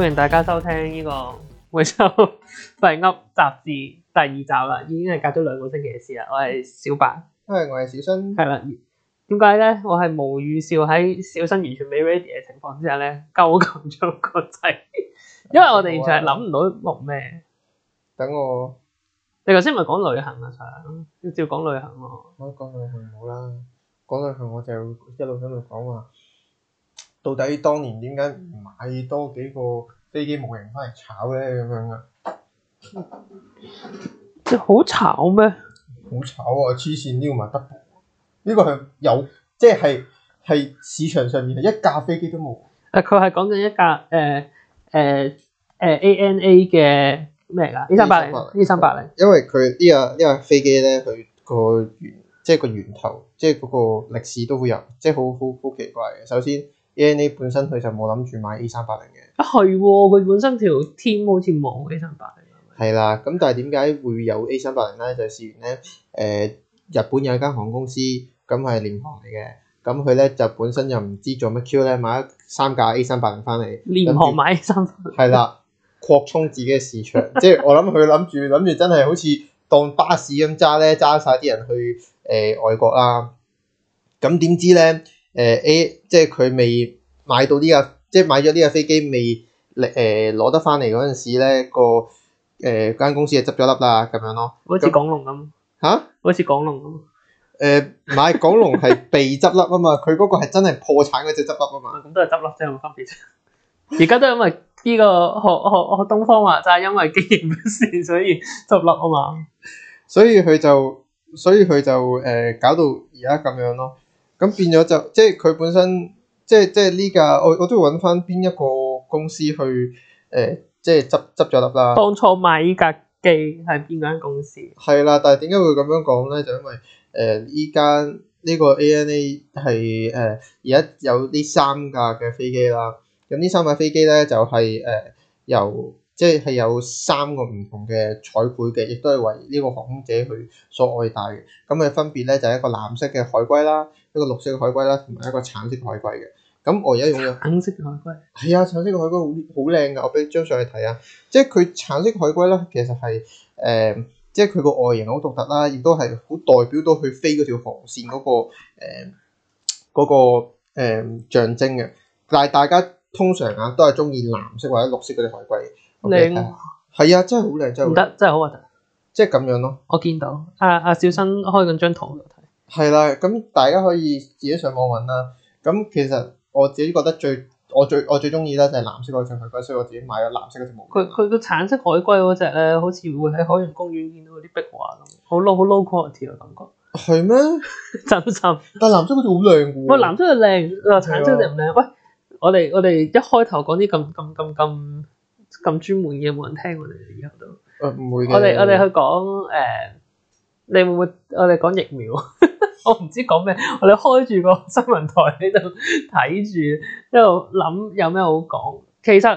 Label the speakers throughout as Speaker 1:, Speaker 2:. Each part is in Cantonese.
Speaker 1: 歡迎大家收聽呢個每周廢噏雜誌第二集啦，已經係隔咗兩個星期嘅事啦。我係小白，因為我係小新。係啦，點解咧？我係無預兆喺小新完全未 ready 嘅情況之下咧，鳩咁做個制，因為我哋完全係諗唔到落咩。等我。你頭先唔係講旅行啊？就照講旅行咯。可以講旅行好啦，講旅
Speaker 2: 行我就一路喺度講話。到底當年點解唔買多幾個飛機模型翻嚟炒咧？咁樣噶，
Speaker 1: 就好炒咩？好炒
Speaker 2: 啊！黐線呢個咪得，呢、呢個係有即係係市場上面係一架飛機都冇。
Speaker 1: 誒，佢係講緊一架誒誒誒 ANA 嘅咩嚟噶？A380，A380。因為
Speaker 2: 佢、呢個呢個、呢架呢架飛機咧，佢、個源即係個源頭，即係嗰個歷史都會有，即係好好好奇怪嘅。首先。ANA 本身佢就冇諗住買 A 三八零
Speaker 1: 嘅，係佢本身條 team 好似冇 A 三八零。
Speaker 2: 係啦，咁但係點解會有 A 三八零咧？就是、試完咧，誒、呃、日本有間航空公司，咁係廉航嚟嘅，咁佢咧就本身又唔知做乜 Q 咧，買咗三架 A 三八零翻嚟，廉航買
Speaker 1: A 三八零，係啦，
Speaker 2: 擴充自己嘅市場，即係 我諗佢諗住諗住真係好似當巴士咁揸咧，揸晒啲人去誒、呃呃、外國啦，咁點知咧？呃、誒，A，即係佢未買到呢，這、架、個，即係買咗呢架飛機未，誒、呃，攞得翻嚟嗰陣時咧，這個誒間、呃、公司就執咗笠啦，咁樣咯。好似港龍咁，吓、啊？好似港龍咁、呃。誒，唔係，港龍係被執笠啊嘛，佢嗰 個係真係破產嗰隻執笠啊嘛、嗯、咁、嗯、都係執笠啫，冇分別。
Speaker 1: 而家都因為呢、這個學學學東方話，就係因為經營不善，所以執笠啊嘛。
Speaker 2: 所以佢就，所以佢就誒搞到而家咁樣咯、啊。咁變咗就即係佢本身，即係即係呢架我我都要揾翻邊一個公司去誒、呃，即係執執咗笠啦。當
Speaker 1: 初買依架機係邊間公司？
Speaker 2: 係啦，但係點解會咁樣講咧？就因為誒依間呢個 ANA 係誒而家有呢三架嘅飛機啦。咁呢三架飛機咧就係、是、誒、呃、由即係係有三個唔同嘅彩繪嘅，亦都係為呢個航空者去所愛戴嘅。咁佢分別咧就係一個藍色嘅海龜啦。一個綠色嘅海龜啦，同埋一個橙色海龜嘅。咁我而家用咗橙色嘅海龜。係啊，橙色嘅海龜好好靚噶，我俾張相去睇啊。即係佢橙色海龜咧，其實係誒，即係佢個外形好獨特啦，亦都係好代表到佢飛嗰條航線嗰、嗰個誒、呃嗰個呃、象徵嘅。但係大家通常啊，都係中意藍色或者綠色嗰啲海龜。靚係星 okay? 啊，啊，真係好靚，真係好，真係好核突。即係咁
Speaker 1: 樣咯。我見到阿阿小新開緊張圖、嗯係啦，咁大家可以
Speaker 2: 自己上網揾啦。咁其實我自己覺得最我最我最鍾意咧就係藍色嗰隻海
Speaker 1: 龜，所以我自己買咗藍色嘅毛。佢佢個橙色海龜嗰隻咧，好似會喺海洋公園見到嗰啲壁畫咁，好 low 好 low quality 嘅感覺。係咩嗎？真真。但係藍色好似好靚喎。喂，藍色係靚，橙色就唔靚。的喂，我哋我哋一開頭講啲咁咁咁咁咁專門嘢，冇人聽我哋以後都。唔、嗯、會嘅。我哋我哋去講誒、呃，你會唔會我哋講疫苗？ 我唔知講咩，我哋開住個新聞台喺度睇住，一度諗有咩好講。其實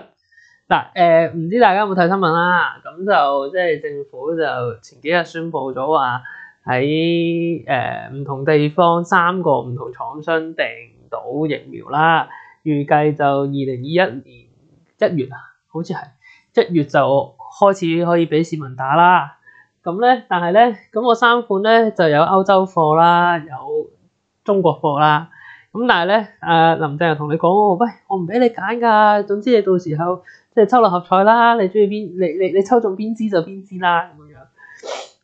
Speaker 1: 嗱，誒、呃、唔知大家有冇睇新聞啦、啊？咁就即係政府就前幾日宣布咗話喺誒唔同地方三個唔同廠商訂到疫苗啦，預計就二零二一年一月啊，好似係一月就開始可以俾市民打啦。咁咧，但係咧，咁我三款咧就有歐洲貨啦，有中國貨啦。咁但係咧，誒林鄭又同你講：喂，我唔俾你揀㗎，總之你到時候即係抽六合彩啦，你中意邊，你你你抽中邊支就邊支啦咁樣。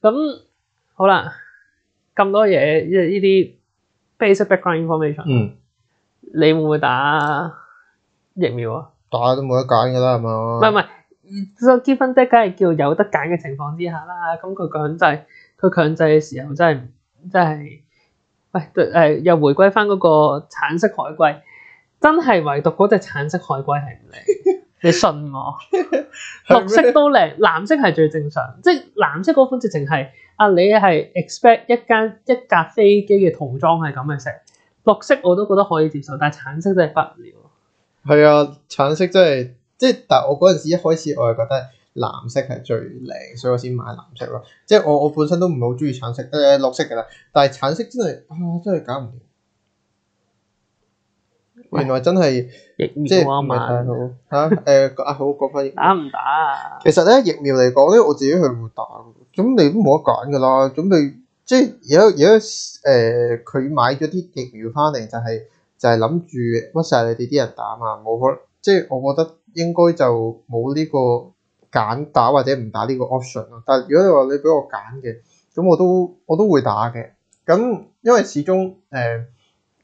Speaker 1: 咁好啦，咁多嘢，呢呢啲 basic background information，嗯，你會唔會打疫苗啊？打都冇得揀㗎啦，係嘛？唔係唔係。個結婚即梗係叫有得揀嘅情況之下啦，咁佢強制，佢強制嘅時候真係真係，喂，誒又回歸返嗰個橙色海龜，真係唯獨嗰隻橙色海龜係唔靚， 你信我， 麼綠色都靚，藍色係最正常，即係藍色嗰款直情係，啊你係 expect 一間一架飛機嘅塗裝係咁嘅色，綠色我都覺得可以接受，但係橙色真係不了，
Speaker 2: 係啊，橙色真係。即係，但係我嗰陣時一開始，我係覺得藍色係最靚，所以我先買藍色咯。即係我我本身都唔係好中意橙色誒、呃、綠色㗎啦，但係橙色真係啊，真係搞唔掂。原來真係喂即疫苗唔係太好嚇誒啊、呃、 啊！好講翻，疫打唔打啊？其實咧疫苗嚟講咧，我自己係會打嘅。咁你都冇得揀㗎啦。咁你即係有有誒佢、呃、買咗啲疫苗翻嚟、就是，就係、是、就係諗住屈晒你哋啲人打啊嘛。我覺得即係我覺得。應該就冇呢個揀打或者唔打呢個 option 咯。但係如果你話你俾我揀嘅，咁我都我都會打嘅。咁因為始終誒、呃、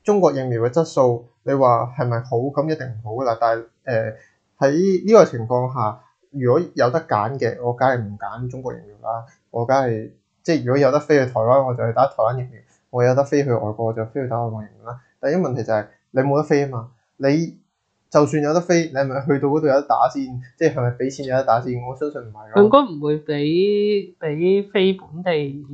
Speaker 2: 中國疫苗嘅質素，你話係咪好咁一定唔好噶啦。但係誒喺呢個情況下，如果有得揀嘅，我梗係唔揀中國疫苗啦。我梗係即係如果有得飛去台灣，我就去打台灣疫苗；我有得飛去外國，我就飛去打外國疫苗啦。第一個問題就係、是、你冇得飛啊嘛，你。就算有得飛，你係咪去到嗰度有得打先？即係係咪俾錢有得打先？我相信唔係。應
Speaker 1: 該唔會俾俾非本地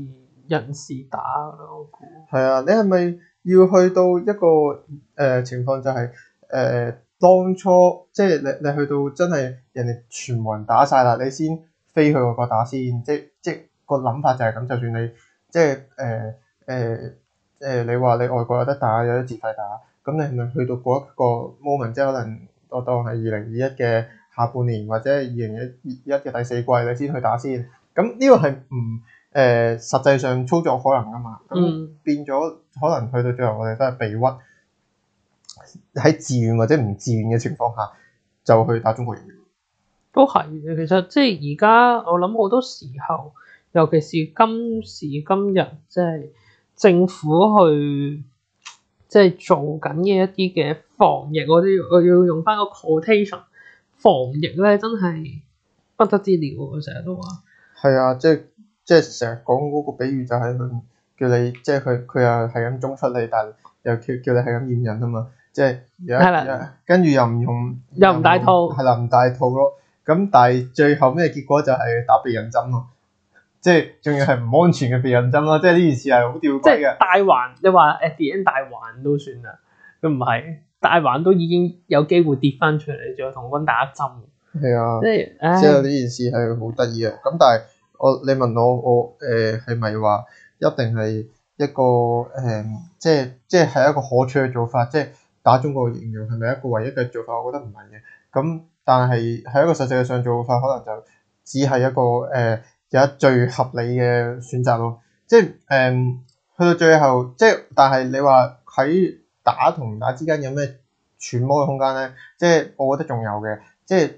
Speaker 1: 人士打咯。我估。係
Speaker 2: 啊，你係咪要去到一個誒、呃、情況就係、是、誒、呃、當初即係你你去到真係人哋全部人打晒啦，你先飛去外國打先？即即個諗法就係咁。就算你即係誒誒誒，你話你外國有得打，有得自費打。咁你係咪去到嗰一個 moment，即係可能我當係二零二一嘅下半年或者二零二一嘅第四季，你先去打先？咁呢個係唔誒實際上操作可能噶嘛？嗯。咁變咗可能去到最後我，我哋都係被屈喺自願或者唔自願嘅情況下，就去打中國人。
Speaker 1: 都係嘅，其實即係而家我諗好多時候，尤其是今時今日，即係政府去。即係做緊嘅一啲嘅防疫，我啲我要用翻個 quotation 防疫咧，真係不得之了，我成日都話
Speaker 2: 係啊，即係即係成日講嗰個比喻就係佢叫你，即係佢佢又係咁中出你，但係又叫叫你係咁驗人啊嘛，即係係啦，的跟住又唔用又唔戴套係啦，唔戴套咯，咁但係最後咩結果就係打避孕針咯。即係仲要係唔安全嘅避孕針咯，即係呢件事係
Speaker 1: 好吊詭嘅大環，你話誒跌緊大環都算啦，佢唔係大環都已經有機會跌翻出嚟，仲要同我打針，
Speaker 2: 係啊是，哎、即係即係呢件事係好得意啊。咁但係我你問我我誒係咪話一定係一個誒、呃、即係即係係一個可取嘅做法，即係打中國疫苗係咪一個唯一嘅做法？我覺得唔係嘅。咁但係喺一個實際上做法，可能就只係一個誒。呃有最合理嘅選擇咯，即係誒去到最後，即係但係你話喺打同唔打之間有咩揣摩嘅空間咧？即係我覺得仲有嘅，即係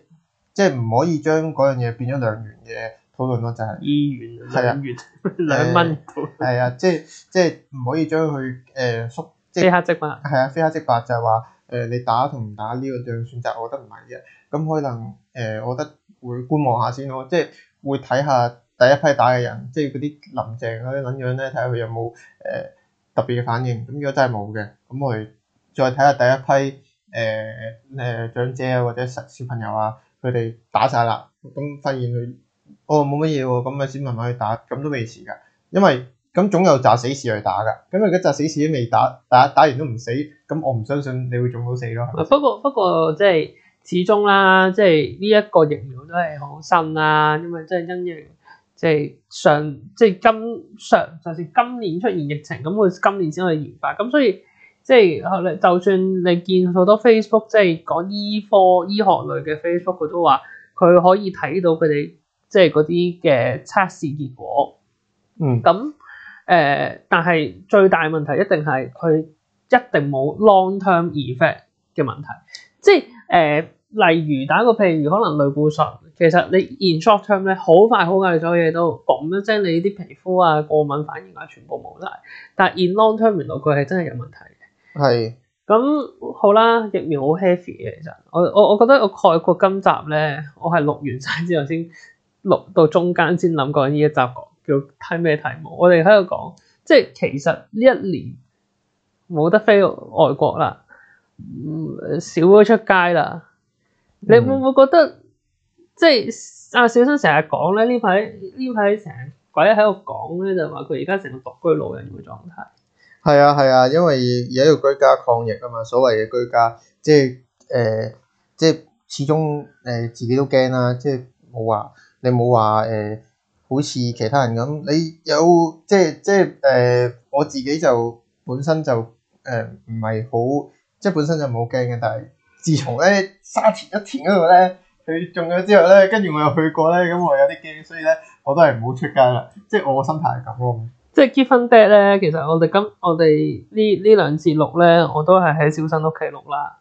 Speaker 2: 即係唔可以將嗰樣嘢變咗兩元嘅討論咯，就係、是。二元兩元兩蚊。係、嗯、啊，即係即係唔可以將佢誒、呃、縮。非黑即白。係啊，非黑、啊、即白就係話誒，你打同唔打呢個兩選擇，我覺得唔係嘅，咁可能誒、呃呃，我覺得會觀望下先咯，即係會睇下。第一批打嘅人，即係嗰啲林鄭嗰啲撚樣咧，睇下佢有冇誒、呃、特別嘅反應。咁如果真係冇嘅，咁我哋再睇下第一批誒誒、呃呃、長者啊，或者實小朋友啊，佢哋打晒啦，咁、嗯、發現佢哦冇乜嘢喎，咁咪先慢慢去打，咁都未遲㗎。因為咁總有紮死士去打㗎。咁如果紮死士都未打，打打完都唔死，咁、嗯、我唔相信你會仲好死咯。不
Speaker 1: 過不過，即係始終啦，即係呢一個疫苗都係可信啦，因為即係因為。即係上即係今上，就是今年出現疫情，咁佢今年先可以研發，咁所以即係，就算你見好多 Facebook，即係講醫科、醫學類嘅 Facebook，佢都話佢可以睇到佢哋即係嗰啲嘅測試結果。嗯。咁誒、呃，但係最大問題一定係佢一定冇 long-term effect 嘅問題。即係誒、呃，例如打個譬如，可能類固醇。其實你 in short term 咧，好快好快所有嘢都講一聲，你啲皮膚啊過敏反應啊全部冇晒。但係 in long term 嚟講，佢係真係有問題嘅。係咁是好啦，疫苗好 heavy 嘅，其實我我我覺得我概括今集咧，我係錄完晒之後先錄到中間，先諗過呢一集講叫睇咩題目。我哋喺度講，即係其實呢一年冇得飛外國啦，少咗出街啦。你會唔會覺得、嗯？即係阿、啊、小新成日講咧，呢排呢排成鬼喺度講咧，就話佢而家成個獨居老人嘅狀態。
Speaker 2: 係啊係啊，因為而家要居家抗疫啊嘛，所謂嘅居家即係誒、呃、即係始終誒、呃、自己都驚啦，即係冇話你冇話誒好似其他人咁，你有即係即係誒、呃、我自己就本身就誒唔係好即係本身就冇驚嘅，但係自從咧沙田一田嗰度咧。佢中咗之後咧，跟住我又去過咧，咁、嗯、我有啲驚，所以咧我都係唔好出街啦。即係我個心
Speaker 1: 態係咁咯。即係結婚 day 咧，其實我哋今我哋呢呢兩節錄咧，我都係喺小新屋企錄啦。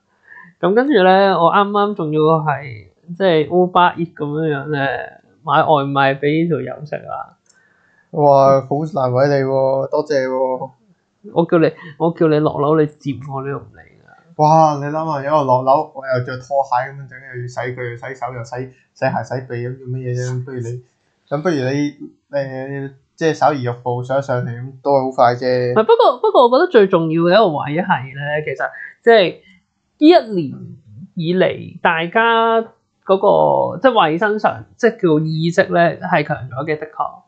Speaker 1: 咁跟住咧，我啱啱仲要係即係 Uber Eat 咁樣樣咧，買外賣俾呢條友食啊！
Speaker 2: 哇，好難為你喎，多謝喎、哦！我叫你，我叫你落樓，你接我到你都唔嚟。哇！你諗下，有我落樓，我又着拖鞋咁樣，整又要洗腳、又洗手、又洗洗鞋、洗鼻咁做乜嘢啫？咁 不如你，咁不如你，誒，即係手而腳步想上嚟咁，都係好快啫。唔不過
Speaker 1: 不過，不過我覺得最重要嘅一個位係咧，其實即係呢一年以嚟，嗯嗯、大家嗰個即係衞生上，即係叫意識咧，係強咗嘅，的確。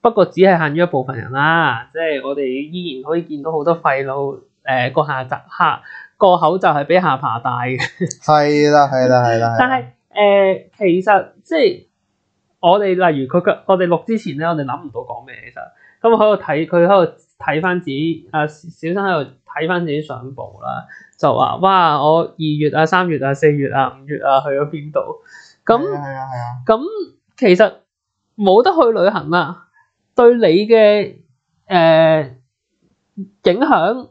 Speaker 1: 不過只係限於一部分人啦，即係我哋依然可以見到好多廢佬，誒、呃、過下集黑。個口罩係比下巴大嘅， 係啦，係啦，係啦。但係誒，其實即係我哋例如佢嘅，我哋錄之前咧，我哋諗唔到講咩其實。咁喺度睇佢喺度睇翻自己，阿小生喺度睇翻自己相簿啦，就話：哇！我二月啊、三月啊、四月啊、五月啊去咗邊度？咁係啊，係啊，咁其實冇得去旅行啦，對你嘅誒、呃、影響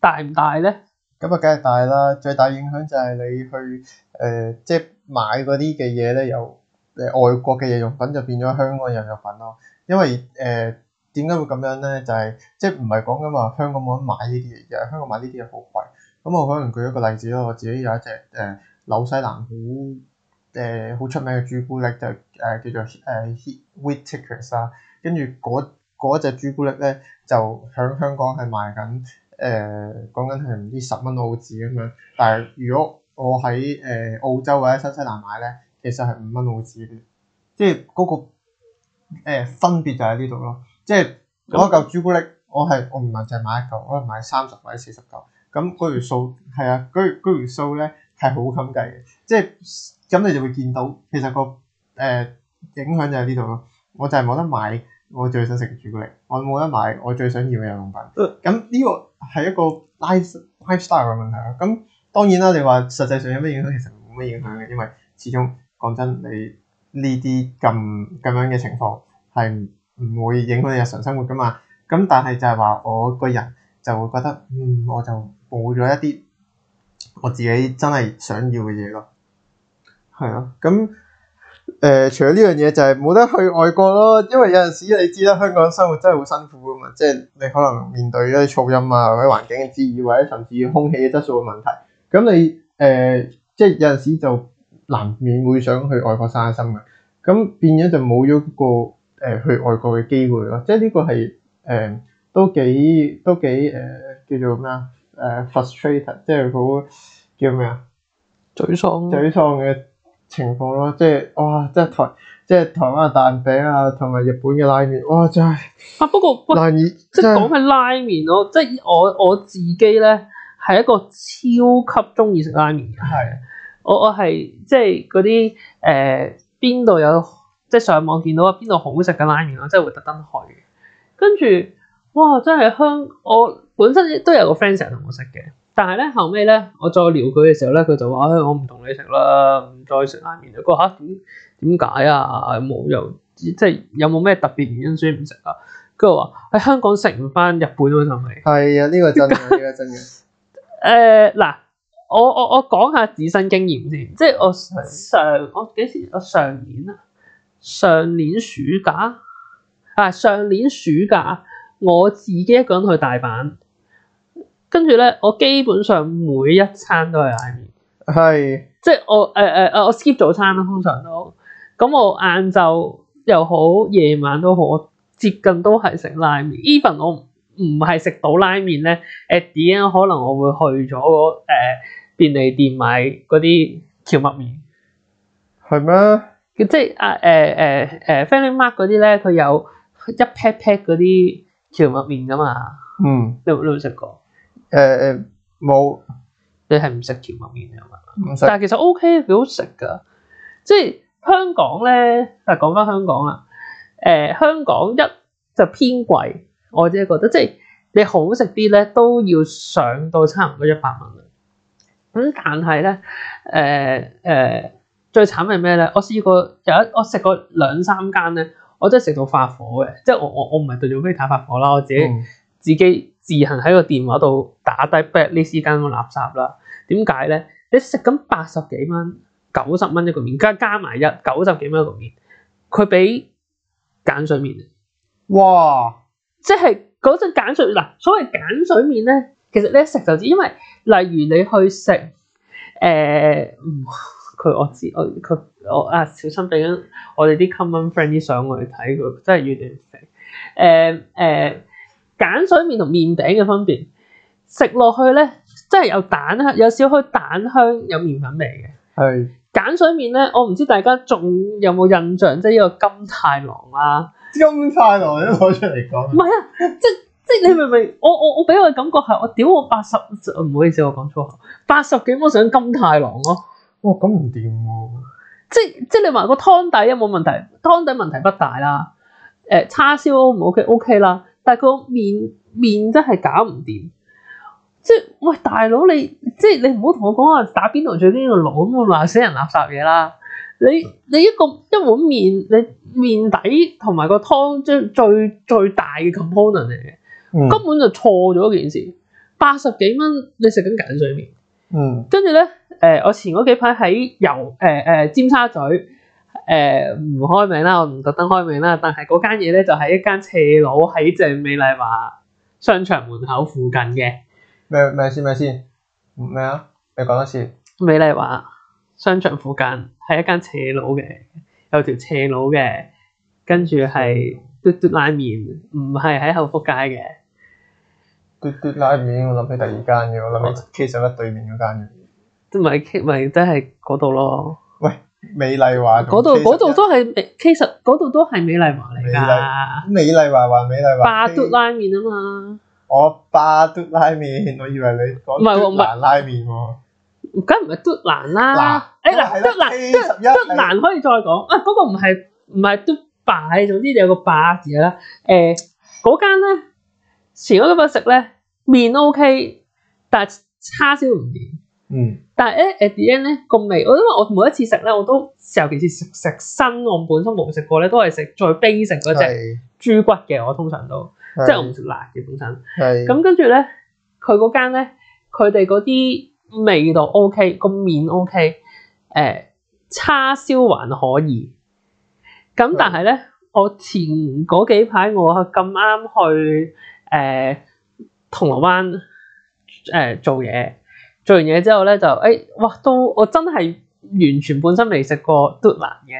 Speaker 1: 大唔大咧？
Speaker 2: 咁啊，梗係大啦！最大影響就係你去誒，即、呃、係、就係、買嗰啲嘅嘢咧，由誒外國嘅日用品就變咗香港日用品咯。因為誒點解會咁樣咧？就係即係唔係講緊話香港冇得買呢啲嘢，而香港買呢啲嘢好貴。咁我可能舉一個例子咯。我自己有一隻誒、呃、紐西蘭好誒好出名嘅朱古力，就誒、係呃、叫做誒、呃、Whittaker's 啦、啊。跟住嗰隻朱古力咧，就喺香港係賣緊。誒講緊係唔知十蚊澳紙咁樣，但係如果我喺誒、呃、澳洲或者新西蘭買咧，其實係五蚊澳紙，即係嗰、那個、呃、分別就喺呢度咯。即係攞嚿朱古力我，我係我唔係淨係買一嚿，我係買三十或者四十嚿，咁嗰條數係啊，嗰嗰條數咧係好咁計嘅。即係咁你就會見到，其實、那個誒、呃、影響就喺呢度咯。我就係冇得買。我最想食朱古力，我冇得買，我最想要嘅日用品。咁呢個係一個 life lifestyle 嘅問題啊。咁當然啦，你話實際上有咩影響，其實冇咩影響嘅，因為始終講真，你呢啲咁咁樣嘅情況係唔會影響你日常生活噶嘛。咁但係就係話我個人就會覺得，嗯，我就冇咗一啲我自己真係想要嘅嘢咯。係啊，咁。誒、呃，除咗呢樣嘢，就係冇得去外國咯，因為有陣時你知啦，香港生活真係好辛苦㗎嘛，即係你可能面對一啲噪音啊、或者環境嘅滋擾，或者甚至於空氣嘅質素嘅問題，咁你誒、呃，即係有陣時就難免會想去外國散下心嘅，咁變咗就冇咗個誒去外國嘅機會咯，即係呢個係誒、呃、都幾都幾誒、呃、叫做咩啊？誒、呃，frustrated，即係好叫咩啊？沮喪，沮喪嘅。情況咯，即係哇，即係台，即係台灣嘅蛋餅啊，同埋日本嘅拉麵，哇，
Speaker 1: 真係啊！不過難即係即，即，講起拉麵咯，即係我我自己咧係一個超級中意食拉麵嘅。係是的，我我係即係嗰啲誒邊度有，即係上網見到邊度好食嘅拉麵，我即係會特登去。跟住哇，真係香！我本身都有個 friend 成日同我食嘅。但係咧，後尾咧，我再撩佢嘅時候咧，佢就話：誒、哎，我唔同你食啦，唔再食拉麪啦。佢話嚇，點解啊？冇又即係有冇咩特別原因先唔食啊？佢話喺香港食唔翻日本嗰陣味。係啊，呢、這個真嘅真嘅。誒嗱、 呃，我我我講下自身經驗先，即係我上的我幾時？我上年，上年啊，上年暑假啊，上年暑假我自己一個人去大阪。跟住咧，我基本上每一餐都係拉麪，係即係我誒誒誒，我 skip 早餐啦，通常都咁我晏晝又好，夜晚都好，我接近都係食拉麪。even 我唔係食到拉麪咧，誒點啊？可能我會去咗誒便利店買嗰啲蕎麥麵，係咩？即係阿誒誒誒 FamilyMart 嗰啲咧，佢有一 pack pack 嗰啲蕎麥麵㗎嘛？嗯，你有冇食過？誒誒冇，呃、你係唔食條麥麵嘅嘛？唔食，但係其實 OK 幾好食噶，即係香港咧，誒講翻香港啦，誒、呃、香港一就偏貴，我只係覺得，即係你好食啲咧都要上到差唔多一百蚊。咁但係咧，誒、呃、誒、呃、最慘係咩咧？我試過有一我食過兩三間咧，我真係食到發火嘅，嗯、即係我我我唔係對住咩蛋發火啦，我自己自己。嗯自行喺個電話度打低 back 呢絲間嘅垃圾啦？點解咧？你食緊八十幾蚊、九十蚊一個麵，加加埋一九十幾蚊一個麵，佢俾鹼水麵哇！即係嗰陣鹼水嗱，所謂鹼水麵咧，其實你一食就知，因為例如你去食誒，佢、呃、我知我佢我啊，小心俾緊我哋啲 common friend 啲相我哋睇佢，真係越嚟越肥誒誒。呃呃鹼水麵同麵餅嘅分別，食落去咧，真係有，蛋，有蛋香，有少少蛋香，有麵粉味嘅。係是。鹼水麵咧，我唔知大家仲有冇印象，即係呢個金太郎啦、啊。金太郎都攞出嚟講。唔係 啊，即係即係你明唔明？我我我俾個感覺係我屌我八十，唔好意思我講粗口，八十幾蚊上金太郎咯、啊。哇、哦，咁唔掂喎。即即係你話個湯底有冇問題？湯底問題不大啦。誒、呃、叉燒 O 唔 O K？O K 啦。但個麵麵真係搞唔掂，即係喂大佬，你即係你唔好同我講話打邊爐最緊要攞咁話死人垃圾嘢啦！你你一個一碗麵，你麵底同埋個湯即係最最，最大嘅 component 嚟嘅，嗯、根本就錯咗件事。八十幾蚊你食緊鹼水麵，嗯，跟住咧誒，我前嗰幾排喺油誒誒、呃呃、尖沙咀。誒唔、呃、開名啦，我唔特登開名啦。但係嗰間嘢咧就係、是、一間斜佬喺正美麗華商場門口附近嘅。
Speaker 2: 咩咩先咩先咩啊？你講多次。
Speaker 1: 美麗華商場附近係一間斜佬嘅，有條斜佬嘅，跟住係嘟嘟拉麵，唔係喺厚福街嘅。
Speaker 2: 嘟嘟拉麵，我諗起第二間嘅，我諗起 K 上一對面嗰間嘅。
Speaker 1: 都唔係 K，咪真係嗰度咯。喂！
Speaker 2: 美麗華嗰度，嗰度
Speaker 1: 都係，其實嗰度都係美麗華
Speaker 2: 嚟噶。美麗華華美麗華。霸嘟拉麵啊嘛。我霸嘟拉麵，我以為你講嘟蘭拉麵喎。
Speaker 1: 梗唔係嘟蘭啦。誒嗱，嘟蘭，嘟蘭可以再講。啊，嗰個唔係唔係嘟霸，總之有個霸字啦。誒，嗰間咧，前嗰幾日食咧，麵 O K，但叉燒唔掂。嗯但呢，但係咧，at the end 咧個味，因為我每一次食咧，我都尤其是食食新，我本身冇食過咧，都係食最 basic 嗰隻豬骨嘅，我通常都，是 即係我唔食辣嘅本身。係是、嗯，咁跟住咧，佢嗰間咧，佢哋嗰啲味道 OK，個麵 OK，誒、呃、叉燒還可以。咁、呃呃、但係咧是，我前嗰幾排我咁啱去誒、呃、銅鑼灣誒、呃、做嘢。做完嘢之後咧就，誒、哎，哇，都我真係完全半心未食過嘟蘭嘅，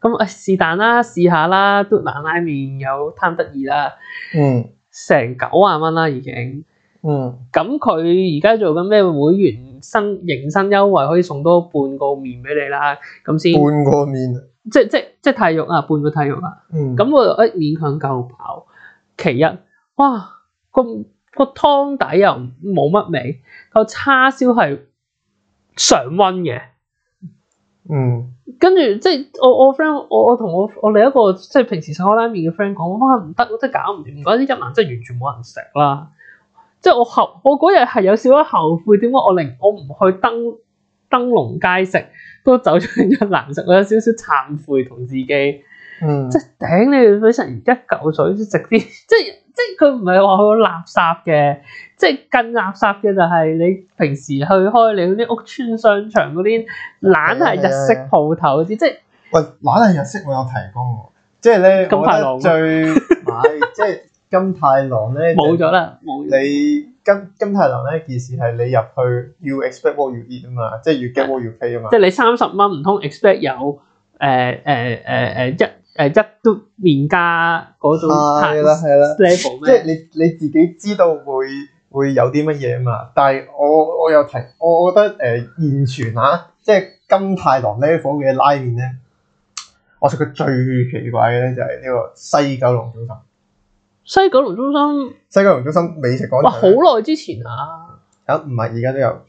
Speaker 1: 咁誒是但啦，試下啦，嘟蘭拉麵有貪得意啦，嗯，成九萬蚊啦已經，嗯，咁佢而家做緊咩會員迎新優惠，可以送多半個麵俾你啦，咁先，半個麵啊，即即即太肉啊，半個太肉啊，嗯，咁我就誒、哎、勉強夠飽，其一，哇，咁。個湯底又冇乜味，個叉燒係常溫嘅，嗯，跟住即係我我 friend 我我同我我另一個即係平時食開拉麵嘅 friend 講，哇，唔得，我真係搞唔掂，嗰啲一蘭真係完全冇人食啦，即係我後我嗰日係有少少後悔，點解我寧我唔去登登龍街食，都走咗去一蘭食，我有少少懺悔同自己，嗯，即係頂你俾成一嚿水先食啲，即係。即係佢唔係話好垃圾嘅，即係更垃圾嘅就係你平時去開你嗰啲屋村商場嗰啲懶係日式鋪頭啲，即
Speaker 2: 係喂懶係日式我有提供，
Speaker 1: 即係咧金太郎最買 即係金太郎咧冇咗啦，
Speaker 2: 你金金太郎咧件事係你入去要 expect m o 越熱啊嘛，即係越 get 我越飛啊嘛，即係你
Speaker 1: 三十蚊唔通 expect 有誒誒誒誒一。誒一、呃、都麵家嗰種 level， 即係你
Speaker 2: 你自己知道會會有啲乜嘢嘛？但係我我有提，我覺得誒、呃、現存嚇、啊，即係金太郎 level 嘅拉麪咧，我食過最奇怪嘅咧就係呢個西九，西九龍中心。
Speaker 1: 西九龍中心。
Speaker 2: 西九龍中心美食廣場。哇！好
Speaker 1: 耐之前啊。
Speaker 2: 嚇唔係，而家都有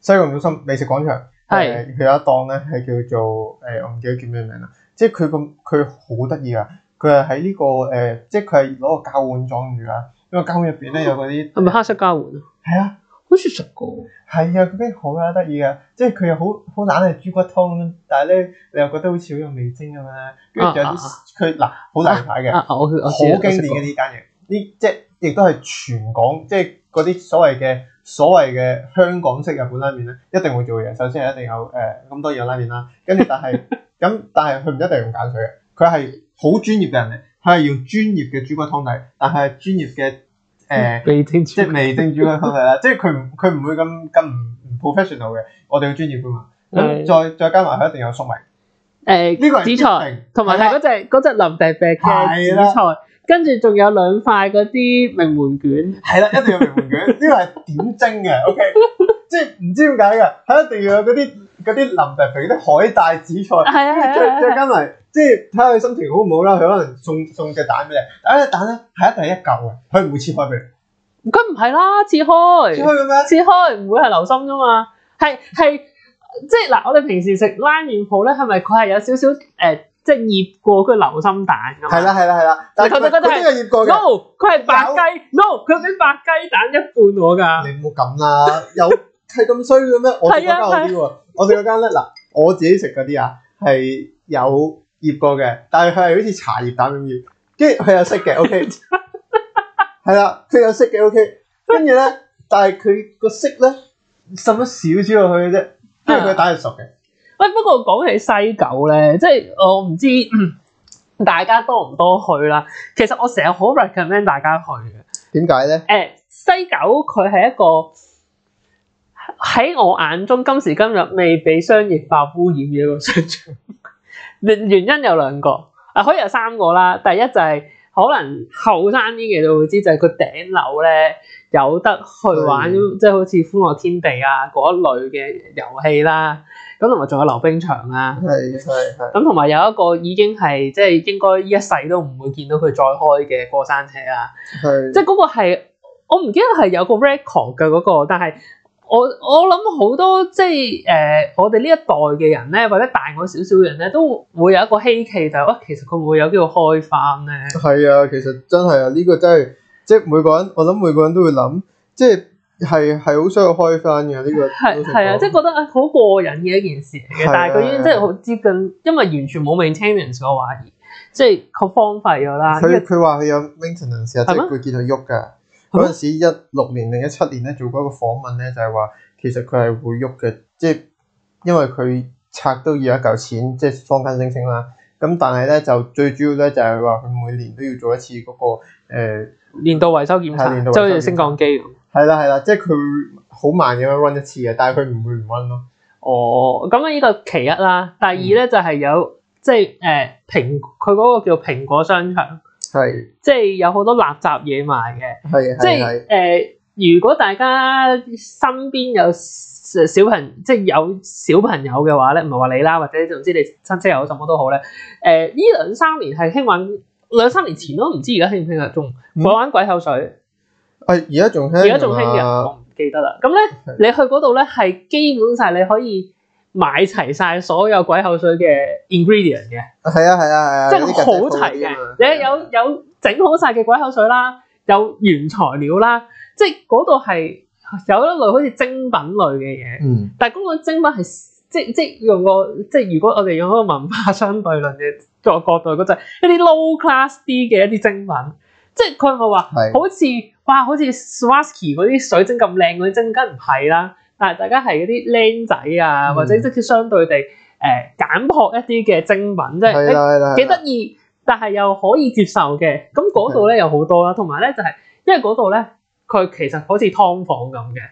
Speaker 2: 西九龍中心美食廣場，係佢有一檔咧係叫做誒、呃，我唔記得叫咩名啦。即係佢咁，佢好得意啊！佢係喺呢個誒、呃，即係佢係攞個膠碗裝住啊。
Speaker 1: 因為膠碗入邊咧有嗰啲係咪黑色膠碗？係啊，好似食
Speaker 2: 過。係啊，咁樣好啦，得意啊！即係佢又好好懶係豬骨湯咁，但係咧你又覺得好似好有味精咁咧。跟住仲有啲佢嗱，好難睇嘅，好經典嘅呢間嘢。呢即係亦都係全港即係嗰啲所謂嘅所謂嘅香港式日本拉麵咧，一定會做嘢。首先係一定有誒咁、呃、多嘢拉麵啦，跟住但係。 咁但係佢唔一定用鹼水嘅，佢係好專業嘅人嚟，佢係用專業嘅豬骨湯底，但係專業嘅誒，味精豬即係味精豬骨湯底啦，即係佢唔佢唔會咁咁唔 professional 嘅，我哋要專業㗎嘛，咁再再加埋佢一定有粟米，
Speaker 1: 誒呢、欸、個係紫菜，同埋係嗰隻林地啡嘅紫菜。跟住仲有兩塊嗰啲名門卷，係啦，一定要名門卷，呢個係點蒸嘅？OK，
Speaker 2: 即係唔知點解嘅，係一定要有嗰啲啲林皮皮嗰啲海帶紫菜，跟住再再加埋，即係睇下佢心情好唔好啦。佢可能送送隻蛋俾你，但啊隻蛋咧係一定係一嚿嘅，佢唔會切開俾你。
Speaker 1: 咁唔係啦，切開，切開嘅切開唔會係流心㗎嘛，係係 即係嗱，我哋平時食拉麵鋪咧，係咪佢係有少少誒？呃即係醃過佢流心蛋，係啦係啦係啦，但係佢覺得覺得係醃過 no，佢係白雞有，no，佢有啲白雞蛋一半我噶，你唔好咁啦，
Speaker 2: 有係咁 衰嘅咩？我哋嗰間好啲喎， 我哋嗰間咧嗱，我自己食嗰啲啊，係有醃過嘅，但係佢係好似茶葉蛋咁醃，跟住佢有色嘅，ok，係啦，佢 有色嘅，ok，跟住咧，但係佢個色咧浸咗少少落去嘅啫，跟住佢蛋係熟嘅。
Speaker 1: 不過講起西九咧，即係我唔知、呃、大家多唔多去啦。其實我成日好 recommend 大家去嘅，點解咧？誒、呃，西九佢係一個喺我眼中今時今日未被商業化污染嘅一個商場。原 原因有兩個，啊，可以有三個啦。第一就係、是。可能後生啲嘅都會知，就係、是、個頂樓咧有得去玩，是即係好似歡樂天地啊嗰一類嘅遊戲啦、啊。咁同埋仲有溜冰場啊。係係係。咁同埋有一個已經係即係應該一世都唔會見到佢再開嘅過山車啦、啊。係是。即係嗰個係我唔記得係有個 record 嘅嗰個，但係。我我諗好多即係誒、呃，我哋呢一代嘅人咧，或者大我少少嘅人咧，都會有一個希冀，就係喂，其實佢會有機會開翻咧。係啊，其實真係啊，呢、
Speaker 2: 這個真、就、係、是、即係每個人，我諗每個人都會諗，即係係係好需要開
Speaker 1: 翻嘅呢、這個。係啊，啊即係覺得啊，好過癮嘅一件事嚟嘅。啊、但係佢已經即係好接近，啊啊、因為完全冇 maintenance 我懷疑即係佢荒廢咗啦。佢佢話佢有
Speaker 2: maintenance 啊，即係佢見到喐㗎。嗰陣時一六年定一七年咧做過一個訪問咧，就係、是、話其實佢係會喐嘅，即係因為佢拆都要一嚿錢，即係放緊星星啦。咁但係咧就最主要咧就係話佢每年都要做一次嗰、那個、呃、年度維修檢查，即係升降機。係啦係啦，即係佢好慢咁
Speaker 1: 樣 run 一次嘅，但係佢唔會唔 run 咯。哦，咁啊，呢個其一啦。第二咧就係有、嗯、即係誒、呃、蘋，佢嗰個叫蘋果商場。係即係有好多垃圾嘢賣嘅，即係誒，如果大家身邊有小朋友，即係有小朋友嘅話咧，唔係話你啦，或者總之你親戚又好，什麼都好咧。誒、呃，呢兩三年係興玩兩三年前都唔知而家興唔興啊？仲唔玩鬼口水？
Speaker 2: 係而家仲而家仲興嘅，我唔
Speaker 1: 記得啦。咁咧，是你去嗰度咧係基本上你可以。買齊晒所有鬼口水嘅 ingredient 嘅，係啊係啊係啊，啊即係、啊啊啊啊、好齊嘅。你有有整好晒嘅鬼口水啦，有原材料啦，即係嗰度係有一類好似精品類嘅嘢。嗯，但係嗰個精品係即用即用個，即係如果我哋用嗰個文化相對論嘅作角度，嗰就一啲 low class D 嘅一啲精品。即係佢咪話，好似是哇，好似 Swarovski 嗰啲水晶咁靚嗰啲晶，梗唔係啦。但大家係嗰啲僆仔啊，或者即係相對地誒、呃、簡樸一啲嘅精品，即係幾得意，但係又可以接受嘅。咁嗰度咧有好多啦，同埋咧就係、是、因為嗰度咧，佢其實好似劏房咁嘅，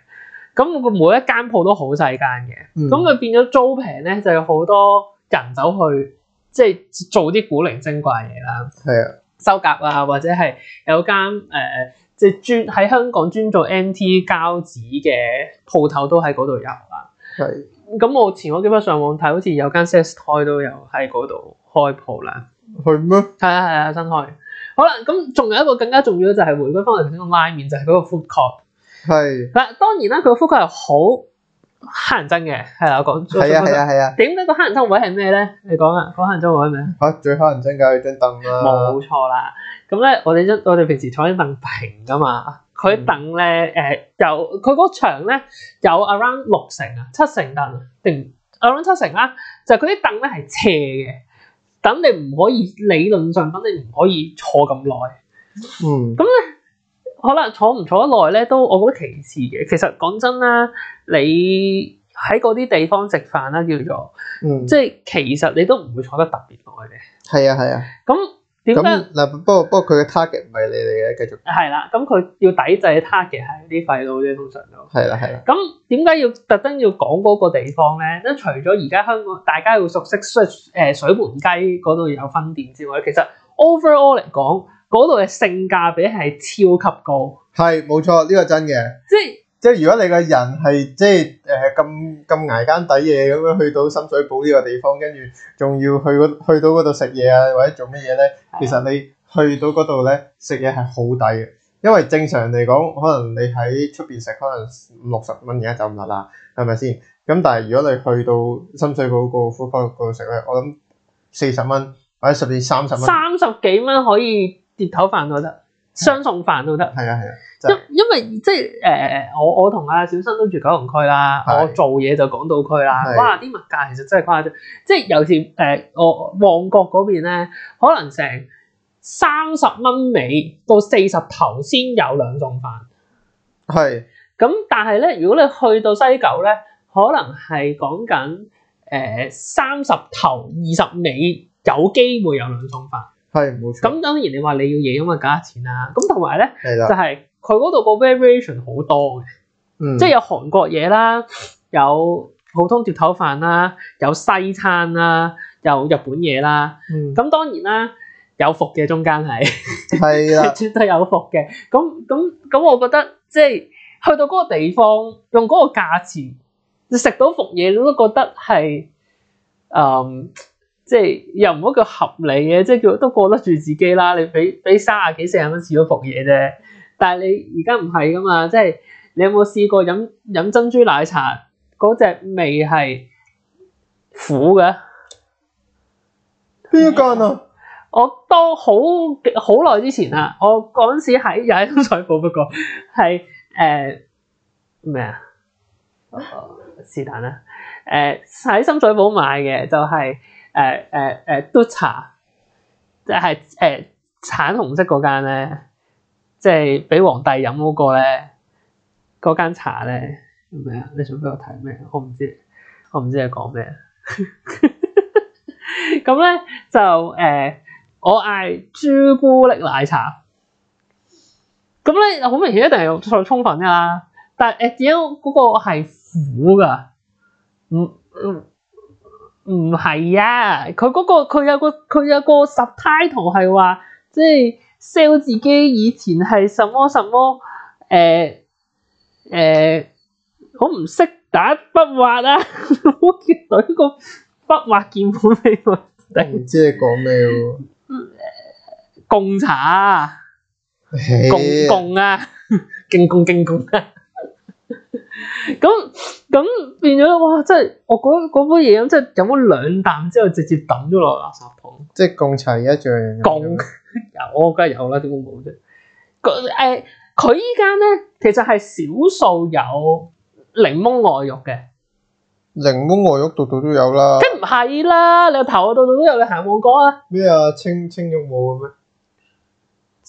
Speaker 1: 咁個每一間鋪都好細間嘅，咁佢變咗租平咧，就有好多人走去即係做啲古靈精怪嘢啦。係啊。收夾啊，或者係有間誒，即係專喺香港專做 MT 膠紙嘅鋪頭都喺嗰度有啦。係是，咁目前我基本上網睇，好似有間 sex toy 都有喺嗰度開鋪啦。係咩嗎？係啊係啊，新開。好啦，咁仲有一個更加重要就係回歸翻嚟嗰個拉麵，就係嗰個 food court。係是。嗱，當然啦，佢個 food court 係好。黑人憎嘅，係啦，講錯咗。係啊係啊係啊。點解個黑人憎位係咩咧？你講啊，講黑人憎位係咩？好，最黑人憎就係張凳啦。冇錯啦。咁咧，我哋我哋平時坐喺啲凳平噶嘛。佢凳咧，誒有佢嗰場咧有 around 六成啊，七成凳定 around 七成啦。就佢啲凳咧係斜嘅，等你唔可以理論上，等你唔可以坐咁耐。嗯。咁咧。好啦，坐唔坐得耐咧，都我覺得其次嘅。其實講真啦，你喺嗰啲地方食飯啦，叫做，嗯、即係其實你都唔會坐得特別耐
Speaker 2: 嘅。係啊，係啊。
Speaker 1: 咁點解嗱？不過不過佢嘅 target 唔係你哋嘅，繼續。係啦、啊，咁佢要抵制嘅 target 係啲廢佬啫，通常都。係啦、啊，係啦。咁點解要特登要講嗰個地方咧？咁除咗而家香港大家會熟悉，誒、呃、水門街嗰度有分店之外，其實 overall 嚟講。嗰度嘅性價比係超級高，係冇錯，呢個真嘅。即係即係，如果你個人係
Speaker 2: 即係誒咁咁捱間抵嘢咁樣去到深水埗呢個地方，跟住仲要去去到嗰度食嘢啊，或者做咩嘢咧？其實你去到嗰度咧食嘢係好抵嘅，因為正常嚟講，可能你喺出邊食可能六十蚊而家就唔得啦，係咪先？咁但係如果你去到深水埗個附近嗰度食咧，我諗四十蚊或者甚至三十蚊，三
Speaker 1: 十幾蚊可以。碟頭飯都得，雙餸飯都得。係啊係啊，因因為即係誒誒，我我同阿小新都住九龍區啦，的我做嘢就港島區啦。的哇，啲物價其實真係誇張，即係尤其是、呃、我旺角嗰邊咧，可能成三十蚊尾到四十頭先有兩餸飯。係的，咁但係咧，如果你去到西九咧，可能係講緊誒三十頭二十尾有機會有兩餸飯。係冇錯，咁當然你話你要嘢咁嘅價錢啦、啊，咁同埋咧，是的 就係佢嗰度個 variation 好多嘅，嗯、即係有韓國嘢啦，有普通碟頭飯啦，有西餐啦，有日本嘢啦，咁、嗯、當然啦，有伏嘅中間係，係啊，絕對有伏嘅，咁咁咁，我覺得即係去到嗰個地方，用嗰個價錢你食到伏嘢，你都覺得係，誒、嗯。即係又唔好叫合理嘅，即係叫都過得住自己啦。你俾俾三十幾、四十蚊試咗服嘢啫，但係你而家唔係噶嘛，即係你有冇試過飲飲珍珠奶茶嗰隻味係苦嘅？邊間啊？我，我都好好耐之前啦，我嗰陣時喺又喺深水埗，不過係誒咩啊？是但啦，誒喺深水埗買嘅就係。誒誒誒，督茶，uh, uh, 即係誒，uh, 橙紅色嗰間咧，即係俾皇帝飲嗰個咧，嗰間茶咧，咩啊？你想俾我睇咩？我唔知，我唔知你講咩。咁 咧 就誒，uh, 我嗌朱古力奶茶。咁咧好明顯一定係用沖粉噶，但係點解嗰個係苦噶嗯。嗯唔係啊，佢嗰、那個佢有個佢有個 subtitle 係話，即係 sell 自己以前係什麼什麼誒誒，我唔識打筆畫啊， 我見到個筆畫鍵盤你喎，啊，唔知你
Speaker 2: 講咩喎，
Speaker 1: 貢茶，貢貢 Hey. 啊，敬貢敬貢啊。咁咁變咗咧，哇！真係即係我嗰嗰杯嘢咁，即係飲咗兩啖之後，直接抌咗落垃圾桶，即係共齊一樣。共 有梗係有啦，點會冇啫？誒，佢依間咧，其實係少數有檸檬外肉嘅。
Speaker 2: 檸檬外肉度度都有啦，梗
Speaker 1: 唔係啦，你頭度度都有你行冇講啊？
Speaker 2: 咩啊？青青肉冇？嘅咩？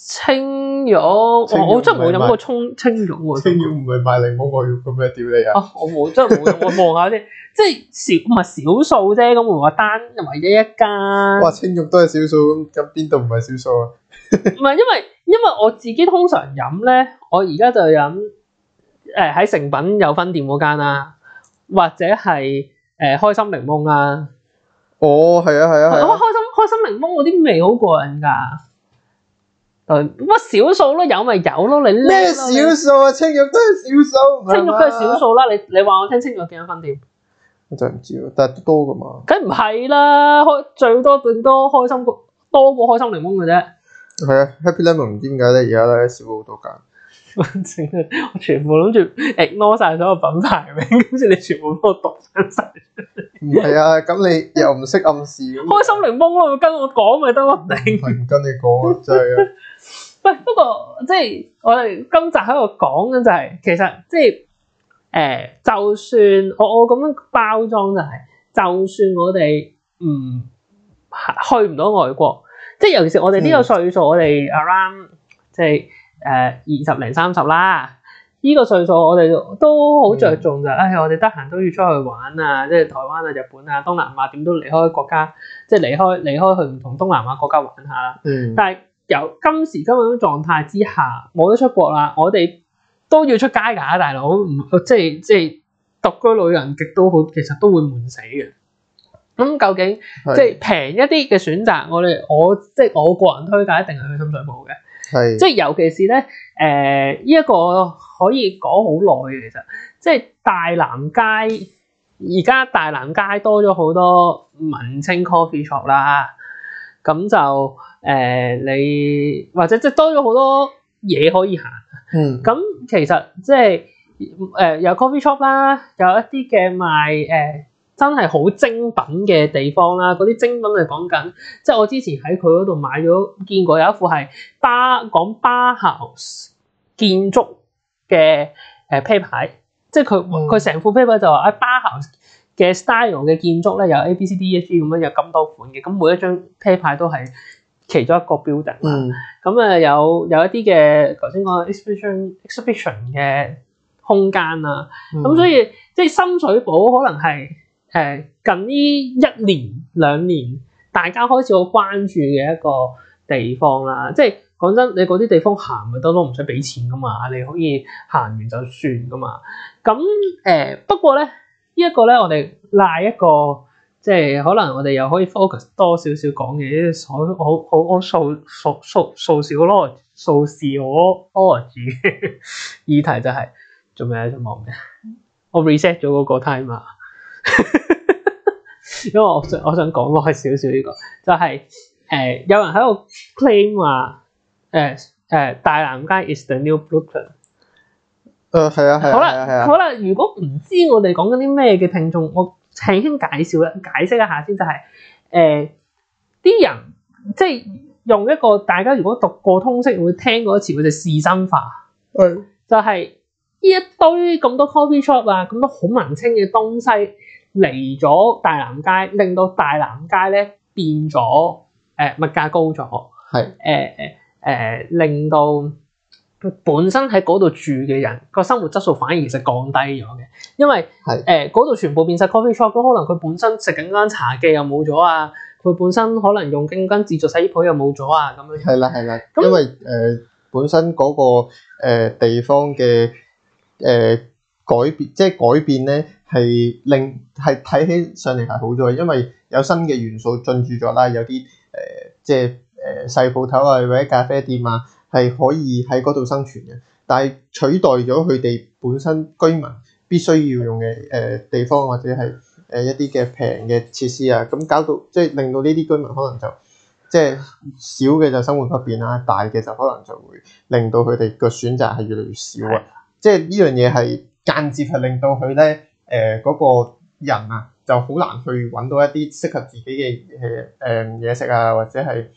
Speaker 1: 青玉，我真係冇飲過蔥青玉喎。青玉唔係賣檸檬牛肉嘅咩？點嚟啊？啊，我冇真係冇，我望下先，即係少唔係少數啫。咁會話單又或者一間。哇，青玉都係少數，咁邊度唔係少數啊？唔係因為因為我自己通常飲咧，我而家就飲誒喺成品有分店嗰間啦，或者係誒開心檸檬啦。哦，係啊係啊係。開心開心檸檬嗰啲味好過癮噶。乜少數咯，有咪有咯，你咩少數啊？清肉都係少數，清肉都係少數啦。你你話我聽清楚幾多分店，
Speaker 2: 我就唔知咯。但係都多噶嘛，
Speaker 1: 梗唔係啦，開最多最多開心過多過開心檸檬嘅啫。
Speaker 2: 係啊，Happy Lemon 唔知點解咧，而家
Speaker 1: 咧少好多間。
Speaker 2: 我全部諗
Speaker 1: 住 ignore 晒所有品牌名，跟住你全部幫我讀晒。
Speaker 2: 唔 係 啊，咁你又唔識暗示
Speaker 1: 咁開心檸檬啊？咪跟我講咪得咯，你唔跟你講啊，真係啊。喂，不過即係我哋今集喺度講緊就係、是，其實即係誒、呃，就算我我咁樣包裝就係、是，就算我哋唔、嗯、去唔到外國，即係尤其是我哋呢個歲數，我哋 around，即係誒二十零三十啦，呢個歲數我哋都好着重就，哎我哋得閒都要出去玩啊，即係台灣啊、日本啊、東南亞點都離開國家，即係離開離開,開去唔同東南亞國家玩下啦。嗯，但係。有今時今日嘅狀態之下，冇得出國啦，我哋都要出街㗎，大佬唔即係即係獨居老人極都好，其實都會悶死嘅。咁究竟是即係平一啲嘅選擇，我哋我即係我個人推介一定係去深水埗嘅，是即係尤其是咧誒呢一個可以講好耐嘅，其實即係大南街而家大南街多咗好多文青 coffee shop 啦，咁就。誒、呃、你或者即係多咗好多嘢可以行，咁、嗯、其實即係誒、呃、有 coffee shop 啦，有一啲嘅賣誒、呃、真係好精品嘅地方啦。嗰啲精品嚟講緊，即係我之前喺佢嗰度買咗見過有一副係巴講 Bauhaus 建築嘅誒啤牌，即係佢佢成副啤牌就話啊 Bauhaus 嘅 style 嘅建築咧，有 A、B、C、D、E、F 咁樣有咁多款嘅，咁每一張啤牌都係。其中一個 building 啦，咁啊有有一啲嘅頭先講 exhibition exhibition 嘅空間啦，咁、嗯、所以即係深水埗可能係誒、呃、近呢一年兩年大家開始好關注嘅一個地方啦。即係講真，你嗰啲地方行咪得咯，唔使俾錢噶嘛，你可以行完就算噶嘛。咁誒、呃、不過咧，這個、呢一個咧我哋賴一個。即係可能我哋又可以 focus 多少少講嘢，啲所好好好數數數數少 little 數字嗰個 topic 議題就係、是、做咩做忙嘅？我 reset 咗嗰個 time 啊， 因為我想我想講耐少少呢個，就係、是、誒、呃、有人喺度 claim 話誒誒、呃呃、大南街 is the new Brooklyn。誒係啊係啊係啊。啊啊好啦吧、啊啊啊、好啦，如果唔知我哋講緊啲咩嘅聽眾，我。係已介紹啦，解釋一下先就係、是，誒、呃、啲人即係用一個大家如果讀過通識會聽過一次，佢就士紳化。係、嗯，就係、是、呢一堆咁多 coffee shop 啊，咁多好文青嘅東西嚟咗大南街，令到大南街咧變咗誒、呃、物價高咗。係是，誒誒誒令到。佢本身喺嗰度住嘅人個生活質素反而就降低咗嘅，因為誒嗰度全部變晒 coffee shop，可能佢本身食緊間茶記又冇咗啊，佢本身可能用京軍自助洗衣鋪又冇咗啊，咁樣係啦，係啦，
Speaker 2: 那因為誒、呃、本身嗰、那個、呃、地方嘅誒、呃、改變即係改變咧係令係睇起上嚟係好咗因為有新嘅元素進駐咗啦，有啲誒、呃、即係誒、呃、細鋪頭啊或者咖啡店啊。係可以喺嗰度生存嘅，但係取代咗佢哋本身居民必須要用嘅誒、呃、地方，或者係誒、呃、一啲嘅平嘅設施啊，咁搞到即係、就是、令到呢啲居民可能就即係少嘅就，是、就生活不便啦，大嘅就可能就會令到佢哋個選擇係越嚟越少啊。即係呢樣嘢係間接係令到佢咧誒嗰個人啊就好難去揾到一啲適合自己嘅誒嘢食啊，或者係。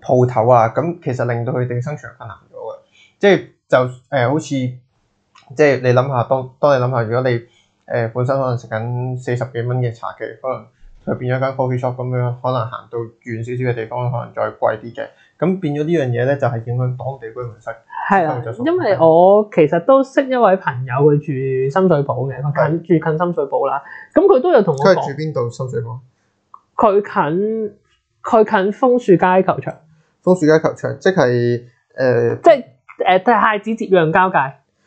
Speaker 2: 鋪頭啊，咁其實令到佢哋生長困難咗嘅，即係就誒、呃、好似即係你諗下，當當你諗下，如果你誒、呃、本身可能食緊四十幾蚊嘅茶記，可能佢變咗間 coffee shop 咁樣，可能行到遠少少嘅地方，可能再貴啲嘅，咁變咗呢樣嘢咧，就係影響當地居民
Speaker 1: 食。係啊的，因為我其實都識一位朋友，佢住深水埗嘅，佢近對住近深水埗啦，咁佢都有同我講。佢住邊度深水埗？佢近佢近楓樹街球場。楓樹街球場，即係誒，呃、即係誒、呃、太子接壤交界，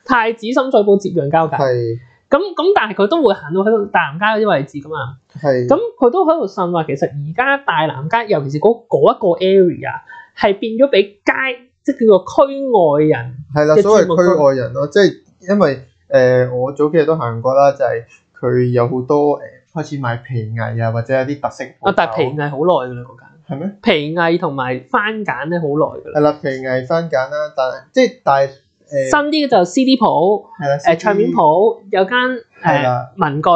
Speaker 1: 太子深水埗接壤交界，係咁咁。但係佢都會行到喺大南街嗰啲位置噶嘛。係咁是，佢都喺度呻話，其實而家大南街，尤其是嗰一個 area 啊，係變咗俾街，即係叫做區外人，
Speaker 2: 係啦，所謂區外人咯，即係因為誒、呃，我早幾日都行過啦，就係、是、佢有好多誒、呃，開始賣皮藝啊，或者有啲特色。啊、那個，但係皮
Speaker 1: 藝好耐噶啦，嗰間。皮藝同埋番簡咧，好耐噶啦。係啦，皮藝番簡啦，但係即係但係誒。新啲嘅就 CD 鋪，係啦，誒唱片舖有間誒文具。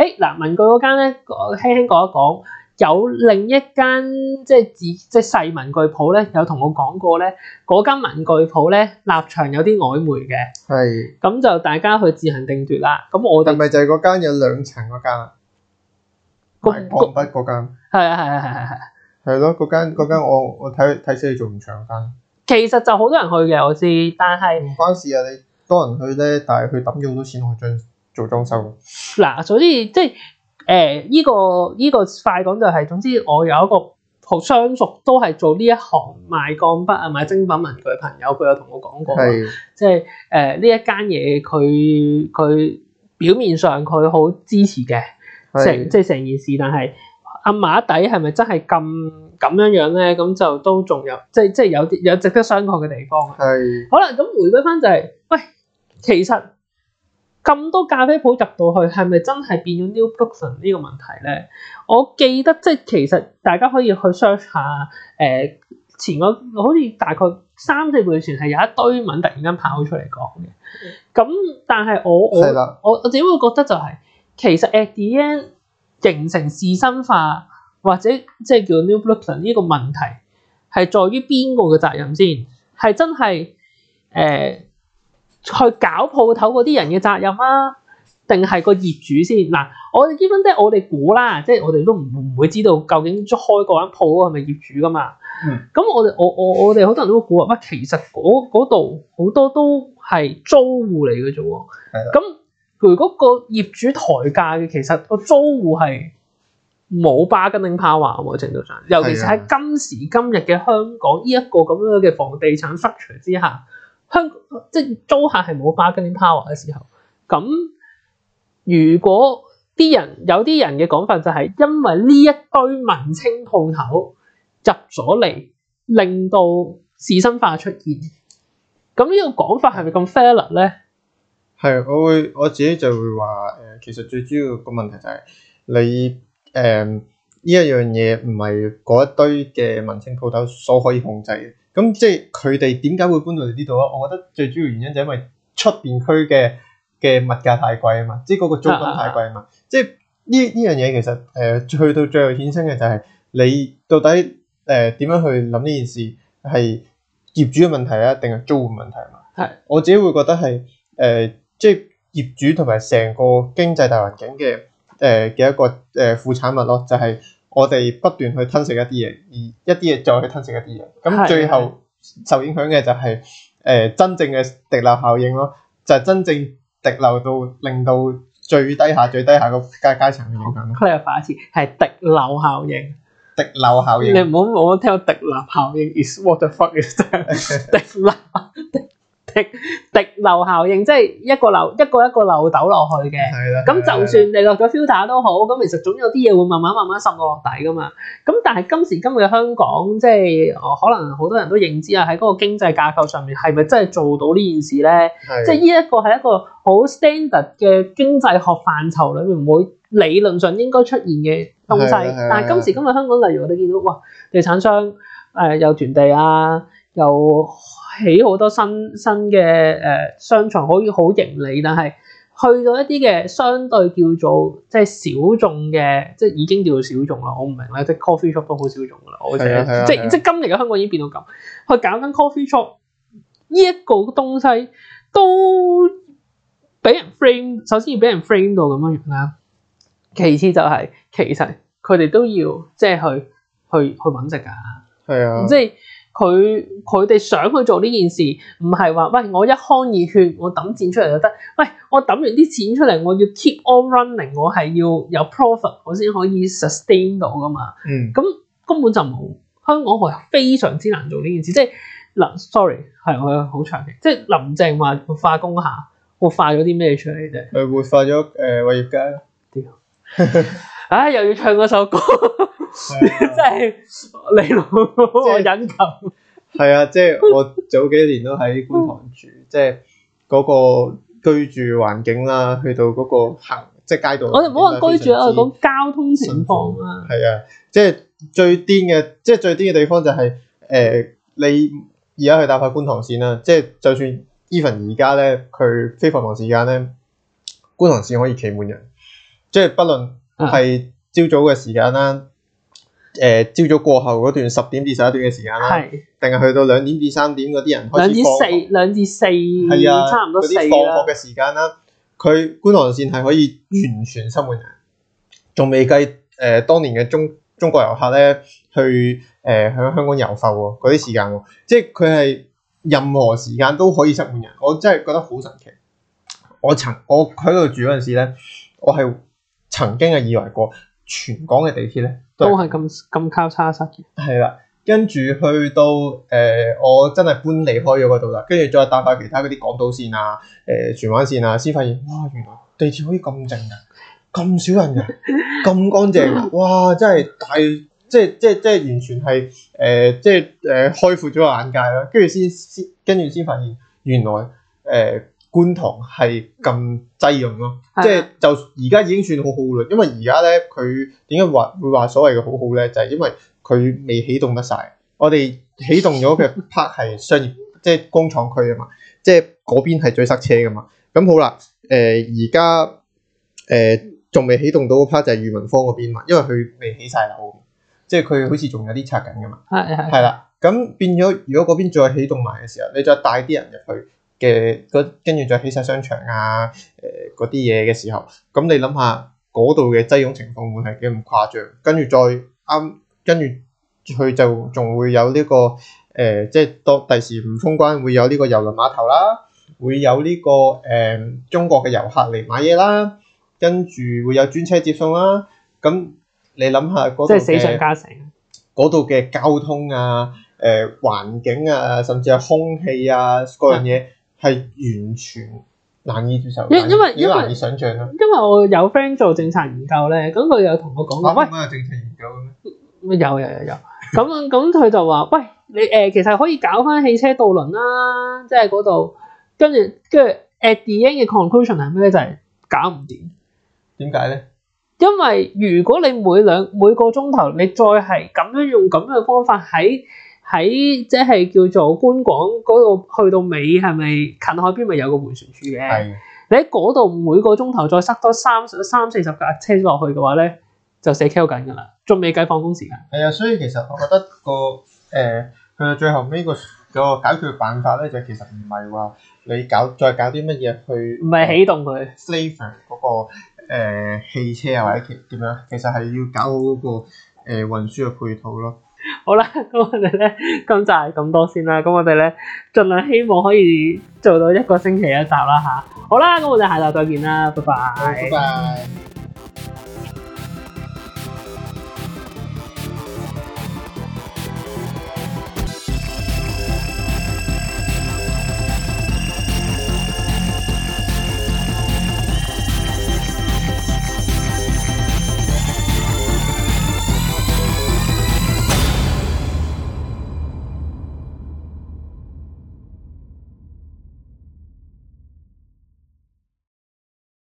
Speaker 1: 誒嗱，文具嗰間咧，我輕輕講一講，有另一間即係字即係細文具鋪咧，有同我講過咧，嗰間文具鋪咧立場有啲曖昧嘅。係。咁就大家去自行定奪啦。咁我。係咪
Speaker 2: 就係嗰間有兩層嗰間？
Speaker 1: 買鋼
Speaker 2: 筆嗰間。係啊係啊係啊係。係咯，嗰間間我我睇睇死你做唔長間。
Speaker 1: 其實就好多人去嘅，我知，但係唔關事啊。你多人去咧，但係佢抌用咗好多錢去裝做裝修。嗱，所以即係誒，呢個、呃這個呢個、這個快講就係、是，總之我有一個好相熟都係做呢一行賣鋼筆啊、賣精品文具嘅朋友，佢有同我講過，是即係誒呢一間嘢，佢佢表面上佢好支持嘅成是即係成件事，但係。阿、啊、馬底係咪真係咁咁樣樣咧？咁就都仲有，即即係有啲有值得商榷嘅地方。係是。好啦，咁回歸翻就係、是，喂，其實咁多咖啡鋪入到去，係咪真係變咗 New Brooklyn 呢個問題咧？我記得即係其實大家可以去 search 下，誒、呃、前個好似大概三四個月前係有一堆文突然間跑出嚟講嘅。咁、嗯、但係我的我我我自己會覺得就係、是，其實 at the end。形成士紳化或者即係叫 New Brooklyn 呢個問題係在於邊個嘅責任先？係真係誒、呃、去搞鋪頭嗰啲人嘅責任啊？定係個業主先？嗱，我哋基本都係我哋估啦，即係我哋都唔唔會知道究竟開嗰間鋪係咪業主噶嘛？咁、嗯、我哋我我我哋好多人都估啊，乜其實嗰度好多都係租戶嚟嘅啫喎。係、嗯。咁。如果個業主抬價嘅，其實個租戶係冇 Bargaining power 嘅程度上，尤其是喺今時今日嘅香港呢一個咁樣嘅房地產 situation 之下，香即係租客係冇 Bargaining power 嘅時候，咁如果啲人有啲人嘅講法就係因為呢一堆文青鋪頭入咗嚟，令到仕紳化出現，咁呢個講法係咪咁 fair 咧？
Speaker 2: 係，我會我自己就會話誒、呃，其實最主要個問題就係你，誒呢一樣嘢唔係嗰一堆嘅文青鋪頭所可以控制嘅。咁即係佢哋點解會搬到嚟呢度咧？我覺得最主要原因就係因為出面區嘅嘅物價太貴啊嘛，即係嗰個租金太貴啊嘛。即係呢呢樣嘢其實誒去、呃、到最後衍生嘅就係你到底誒點、呃、樣去諗呢件事係業主嘅問題啊，定係租戶問題啊？係，是是 我自己會覺得係誒。呃即係業主同埋成個經濟大環境嘅誒嘅一個誒副產物咯，就係我哋不斷去吞食一啲嘢，而一啲嘢再去吞食一啲嘢，咁最後受影響嘅就係誒真正嘅滴漏效應咯，就係、是、真正滴漏到令到最
Speaker 1: 低下最低下個階階層嘅影響佢。我又反一次，係滴漏效應。滴漏效應。你唔好我聽過滴漏效應，is what the fuck is the 滴漏？滴漏效應即係一個漏一個一個漏斗落去嘅，咁就算你落咗 filter 都好，咁其實總有啲嘢會慢慢慢慢滲落落底㗎嘛。咁但係今時今日嘅香港，即係可能好多人都認知啊，喺嗰個經濟架構上面係咪真係做到呢件事咧？的即係呢一個係一個好 standard 嘅經濟學範疇裡面會理論上應該出現嘅東西，但係今時今日香港例如我哋見到哇，地產商誒有囤地啊，又～起好多新新嘅誒商場，可以好盈利，但係去到一啲嘅相對叫做即係小眾嘅，即係已經叫做小眾啦。我唔明咧，即 coffee shop 都好小眾噶啦。我、啊啊、即、啊、即係今年嘅香港已經變到咁去揀翻 coffee shop 呢一個東西都俾人 frame，首先要俾人 frame 到咁樣樣啦。其次就係、是、其實佢哋都要即係去去去揾食㗎，係啊，啊即係。佢佢哋想去做呢件事，唔係話喂我一腔熱血，我抌錢出嚟就得。喂，我抌完啲錢出嚟，我要 keep on running，我係要有 profit，我先可以 sustain 到噶嘛。嗯，咁根本就冇香港，係非常之難做呢件事。即係林，sorry，係我好長嘅。即係林鄭話化工下，我化活化咗啲咩出嚟啫？
Speaker 2: 佢活化咗誒偉業街。屌，
Speaker 1: 唉，又要唱嗰首歌。 即係 你老，即係隱構。
Speaker 2: 係啊，即係我早幾年都喺觀塘住， 即係嗰、那個居住環境啦，去到嗰個行即係街道。我唔好話居住，我係講
Speaker 1: 交通情況啊。係
Speaker 2: 啊，即係最癲嘅，即係最癲嘅地方就係、是、誒、呃，你而家去搭翻觀塘線啦，即係就算 even 而家咧，佢非繁忙時間咧，觀塘線可以企滿人，即係不論係朝早嘅時間啦。是的 嗯誒朝、呃、早過後嗰段十點至十一點嘅時間啦，定係是去到兩點至三點嗰啲人開始放學四
Speaker 1: 兩至四，係啊，差唔多四啦。嗰啲放學嘅時間啦，
Speaker 2: 佢觀塘線係可以完全塞滿人，仲未、嗯、計誒、呃、當年嘅中中國遊客咧去誒喺、呃、香港遊埠喎，嗰啲時間喎，即係佢係任何時間都可以塞滿人，
Speaker 1: 我真係覺得好神奇。
Speaker 2: 我曾我喺度住嗰陣時咧，我係曾經係以為過全港嘅地鐵咧。
Speaker 1: 都係咁咁交叉
Speaker 2: 塞嘅，係啦。跟住去到誒、呃，我真係搬離開咗嗰度啦。跟住再搭翻其他嗰啲港島線啊、誒荃灣線啊，先發現哇，原來地鐵可以咁靜嘅，咁少人嘅，咁乾淨嘅。哇，真係大，即係即係即係完全係誒，即係誒開闊咗個眼界啦。跟住先先，跟住先發現原來誒。呃觀塘係咁擠擁咯，的即係就而家已經算好好啦。因為而家咧，佢點解話會話所謂嘅好好咧？就係、是、因為佢未起動得晒。我哋起動咗嘅 part 係商業， 即係工廠區啊嘛，即係嗰邊係最塞車噶嘛。咁好啦，誒而家誒仲未起動到嘅 part 就係裕民坊嗰邊嘛，因為佢未起晒樓，即係佢好似仲有啲拆緊噶嘛。係係係啦。咁的變咗，如果嗰邊再起動埋嘅時候，你再帶啲人入去。嘅跟住再起晒商場啊，誒嗰啲嘢嘅時候，咁、嗯、你諗下嗰度嘅擠擁情況會係幾咁誇張？跟住再啱、嗯，跟住佢就仲會有呢、這個誒、呃，即係到第時唔封關會有呢個郵輪碼頭啦，會有呢、這個誒、呃、中國嘅遊客嚟買嘢啦，跟住會有專車接送啦。咁、嗯、你諗下即係死上加成。嗰度嘅交通啊，誒、呃、環境啊，甚至係空氣啊嗰的樣嘢。係完全難以接受，因因為因為難以想像啊。
Speaker 1: 因為我有 friend 做政策研究咧，咁佢又同我講，喂，唔係政策研究嘅咩？有有有有，咁咁佢就話，喂，你誒、呃、其實可以搞翻汽車渡輪啦，即係嗰度，跟住跟住誒，第二嘅 conclusion 係咩咧？就係、是就是、搞唔掂。點解咧？因為如果你每兩每個鐘頭你再係咁樣用咁樣嘅方法喺。喺即係叫做觀港嗰度去到尾，係咪近海邊咪有個迴旋處嘅？係。你喺嗰度每個鐘頭再塞多三三四十架車落去嘅話咧，就死 kill 緊㗎啦。仲未計放工時間。
Speaker 2: 係啊，所以其實我覺得個誒去到最後尾個個解決辦法咧，就其實唔係話你搞再搞啲乜嘢去。唔、呃、係起動佢、嗰個。slaver 嗰個汽車啊，或者點樣？其實係要搞好、嗰、嗰個誒、呃、運輸嘅配套咯。
Speaker 1: 好啦，咁我哋咧今集係咁多先啦，咁我哋咧盡量希望可以做到一個星期一集啦吓。好啦，咁我哋下集再見啦，拜拜。拜拜。